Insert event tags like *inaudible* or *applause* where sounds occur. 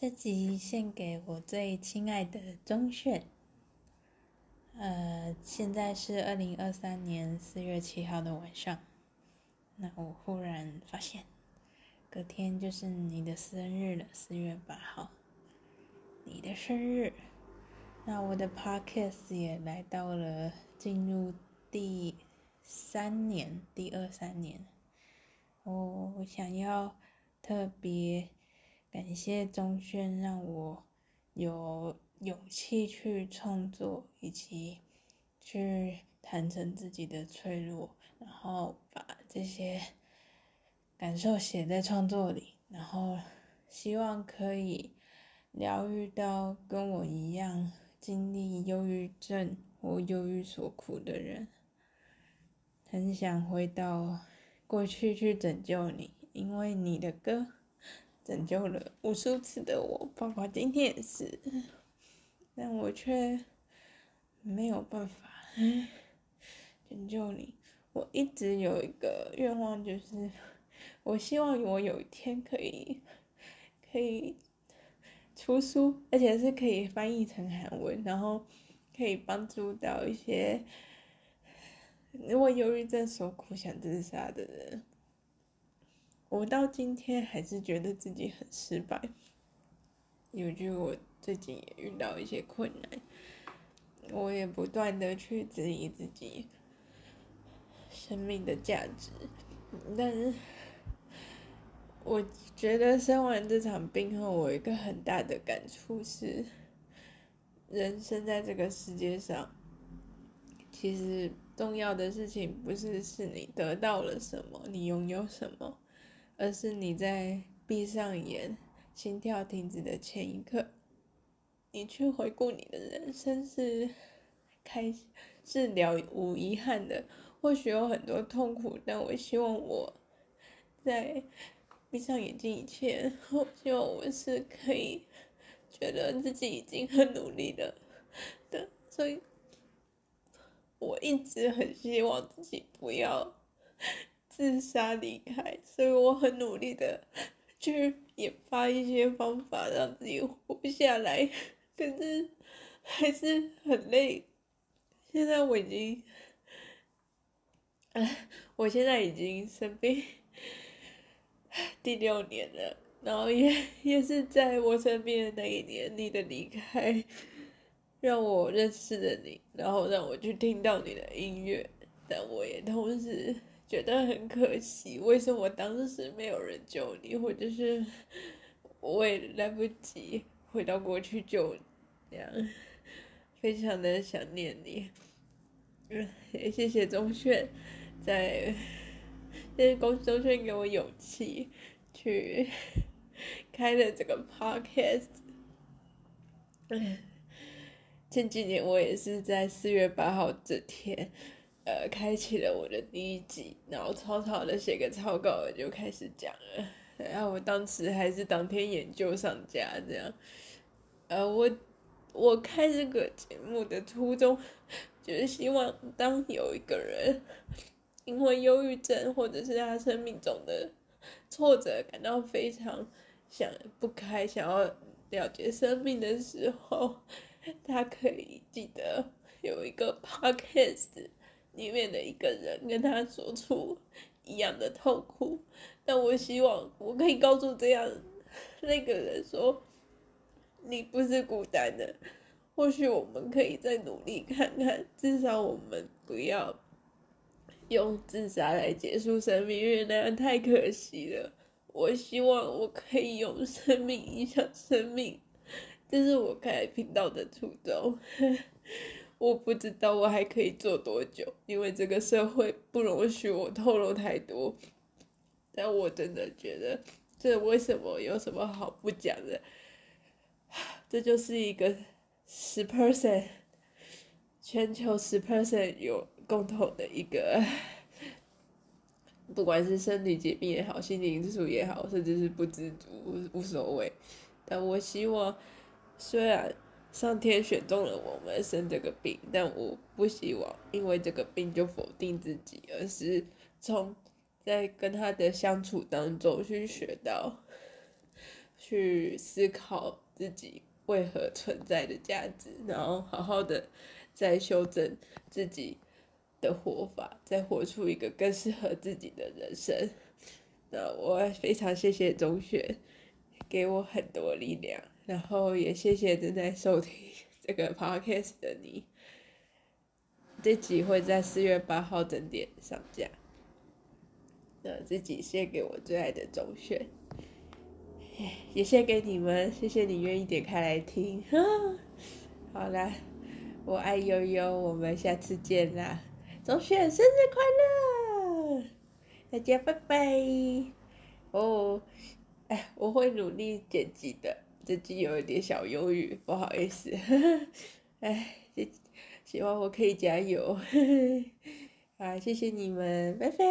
這集獻給我最親愛的鐘鉉，呃，現在是二零二三年四月七號的晚上，那我忽然發現，隔天就是你的生日了，四月八號，你的生日，那我的 podcast 也來到了進入第三年，第二三年，我我想要特別。感謝鐘鉉，讓我有勇氣去創作，以及去坦誠自己的脆弱，然後把這些感受寫在創作裡，然後希望可以療癒到跟我一樣經歷憂鬱症或憂鬱所苦的人。很想回到過去去拯救你，因為你的歌。拯救了無數次的我，包括今天也是，但我卻沒有辦法拯救你。我一直有一個願望，就是我希望我有一天可以可以出書，而且是可以翻譯成韓文，然後可以幫助到一些如果憂鬱症受苦想自殺的人。我到今天還是覺得自己很失敗。尤其我最近也遇到一些困難，我也不斷的去質疑自己生命的價值。但是，我覺得生完這場病後，我有一個很大的感觸是，人生在這個世界上，其實重要的事情不是是你得到了什麼，你擁有什麼。而是你在閉上眼、心跳停止的前一刻，你去回顧你的人生是開是了無遺憾的。或許有很多痛苦，但我希望我在閉上眼睛以前，我希望我是可以覺得自己已經很努力了。的所以，我一直很希望自己不要。自殺厲害，所以我很努力的去研發一些方法讓自己活下來，可是還是很累。現在我已經，呃，我現在已經生病第六年了，然後也也是在我生病的那一年，你的離開讓我認識了你，然後讓我去聽到你的音樂，但我也同時。覺得很可惜，為什麼當時沒有人救你？或者是我也來不及回到過去救你？這樣非常的想念你。嗯，也謝謝鐘鉉，在，也恭喜鐘鉉給我勇氣去開了這個 podcast。嗯，前幾年我也是在四月八號這天。呃，開啟了我的第一集，然後草草的寫個草稿，我就開始講了。然後我當時還是當天研究上架這樣。呃，我我開這個節目的初衷，就是希望當有一個人因為憂鬱症或者是他生命中的挫折感到非常想不開，想要了結生命的時候，他可以記得有一個 podcast。裡面的一個人跟他說出一樣的痛苦，但我希望我可以告訴這樣那個人說，你不是孤單的，或許我們可以再努力看看，至少我們不要用自殺來結束生命，因為那樣太可惜了。我希望我可以用生命影響生命，這是我開頻道的初衷。 *laughs* 我不知道我還可以做多久，因為這個社會不容許我透露太多。但我真的覺得，這為什麼有什麼好不講的？這就是一個十 percent，全球十 percent 有共同的一個，不管是身體疾病也好，心理因素也好，甚至是不知足無，無所謂。但我希望，雖然。上天選中了我們生這個病，但我不希望因為這個病就否定自己，而是從在跟他的相處當中去學到，去思考自己為何存在的價值，然後好好的再修正自己的活法，再活出一個更適合自己的人生。那我非常謝謝鐘鉉，給我很多力量。然後也謝謝正在收聽這個 podcast 的你，這集會在四月八號整點上架。那這集獻給我最愛的鐘鉉，也獻給你們，謝謝你願意點開來聽。好了，我愛悠悠，我們下次見啦！鐘鉉生日快樂！大家拜拜！哦、oh，哎，我會努力剪輯的。自己有一點小憂鬱，不好意思，哎，希望我可以加油，啊，謝謝你們，拜拜。